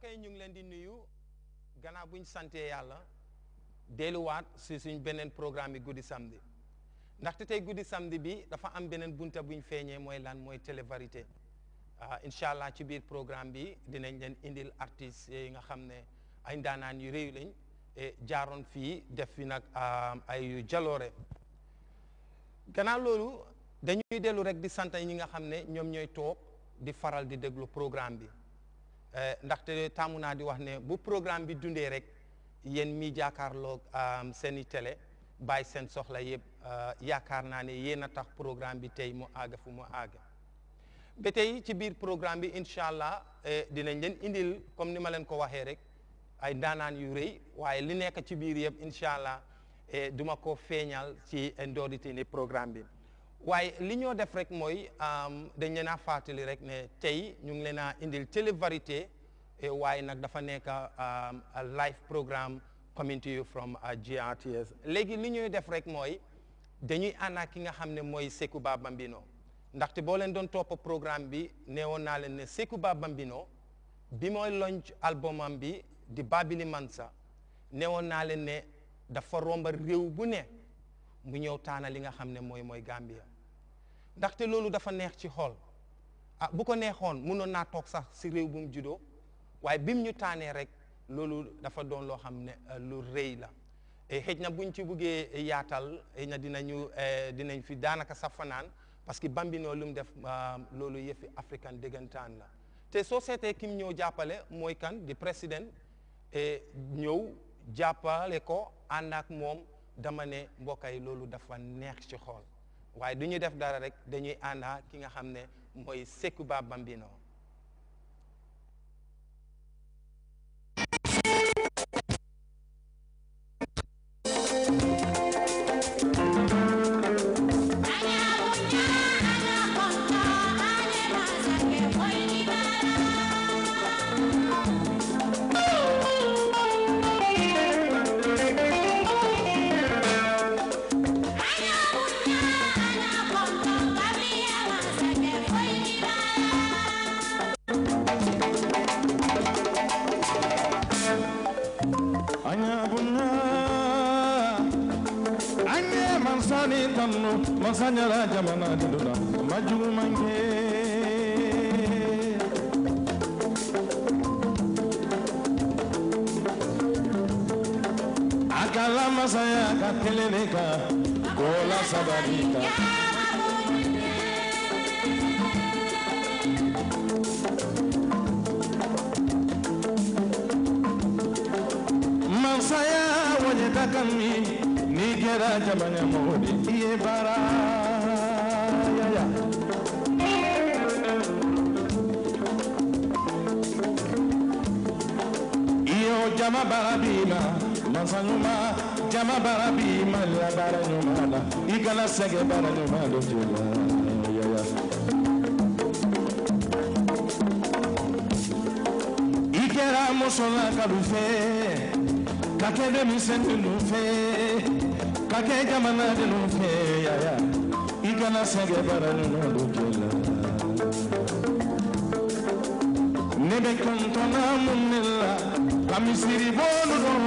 kay yi ñu ngi leen di nuyu gannaaw buñ ñu santee yàlla deluwaat si suñ beneen programme bi guddi samedi ndaxte tey guddi samedi bi dafa am beneen bunta buñ feeñee mooy lan mooy télévarité ah, incha allah ci biir programme bi dinañ leen indil artistes yi nga xam ne añ ndaanaan yu réew lañ e jaaroon fii def fi nag ay jaloore gannaaw loolu dañuy dellu rek di sant ñi nga xam ne ñoom ñooy toog di faral di déglu programme bi Euh, ndaxte taamu naa di wax ne bu programme bi dundee rek yéen mi jàkkaarloog euh, seen i tele bàyyi seen soxla yëpp euh, yaakaar naa ne yéen a tax programme bi tey mu àgg fu mu àgg ba tey ci biir programme bi incha allah dinañ leen indil comme ni ma leen ko waxee rek ay ndaanaan yu rëy waaye li nekk ci biir yëpp incha allah duma ko feeñal ci ndoorite ni programme bi. waaye li ñoo def rek mooy dañ leen a fàttali rek ne tey ñu ngi leen a indil télé varité eh, waaye nag dafa nekk live programme coming to you uh, GRTS léegi li ñuy def rek mooy dañuy ànd ki nga xam ne mooy seku Sékouba Bambino ndaxte boo leen doon topp programme bi neewoon naa leen ne seku Sékouba Bambino bi mooy launch albumam bi di Babili Mansa neewoon naa leen ne dafa romba réew bu ne mu ñëw taana li nga xam ne mooy mooy Gambia ndaxte loolu dafa neex ci xool ah bu ko neexoon mënoon naa toog sax si réew bu mu juddoo waaye bim ñu taanee rek loolu dafa doon loo xam ne euh, lu rëy la eh, xëj na buñ ci buggee yaatal xëj na dinañu eh, dinañ fi daanaka sax fanaan parce que bambino lu mu def euh, loolu yëfi africain dëggantaan la te soo seetee kim ñëw jàppale mooy kan di président eh, ñëw jàppale ko ànd ak moom. dama ne mbokk yi loolu dafa neex ci xool waaye du ñu def dara rek dañuy àndaa ki nga xam ne mooy Sékouba Bambino mani tanno masanyala jamana dinduna majugu manke akala masaya ka telene ka kola sabali ka mansaya wajeta kan mi yera jamana mori iye bara ya ya iyo jama bara bima jama la baranuma la igala sege do jula ya ya ikera musola kalufe kake denmisɛn ninnu fɛ kake jamana ninnu fɛ yaya i kana sɛgɛ baara ninnu don kɛ la ne bɛ kɔntɔnna mun de la ka misiri bolo dɔn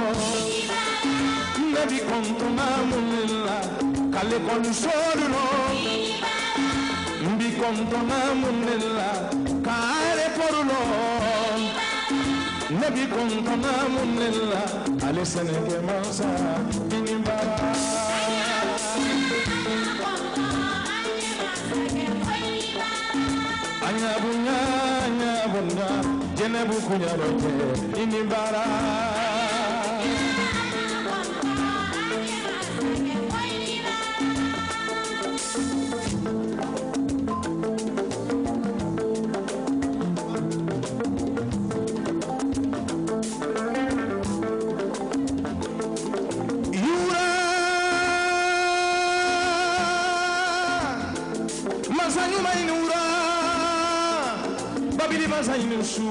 ne bi kɔntɔnna mun de la ka lekɔliso dɔn. Mbi kontona mundela, kare porulo. نبيكم تمام لله على سنة موسى من برا أنا بنا أنا بنا جنبك يا رجل إني برا Hassan Youssou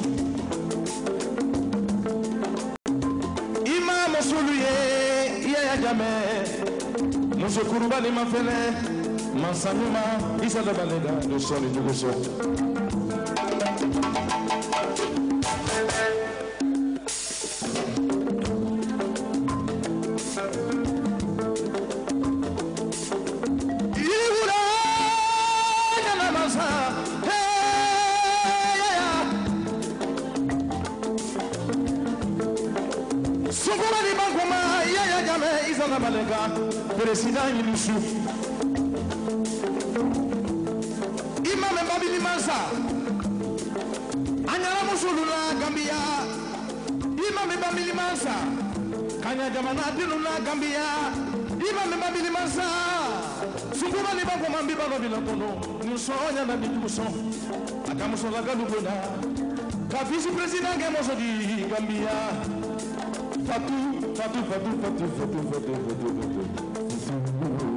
Imam Sulu ye ya Jame Muso Kurubali ma fɛnɛ Mansa ɲuman Isa Dabaleda de sɔli Sénégal président Youssouf imam babili mansa anyala musulula Gambia imam babili mansa kanya jamana dinuna Gambia imam babili mansa sukubali bako mambi bako bilakono musonya na biduso akamusola galugona kafisi président ke mosodi Gambia Fatou, Fatou, Fatou, Fatou, Fatou, Fatou, Fatou, Fatou,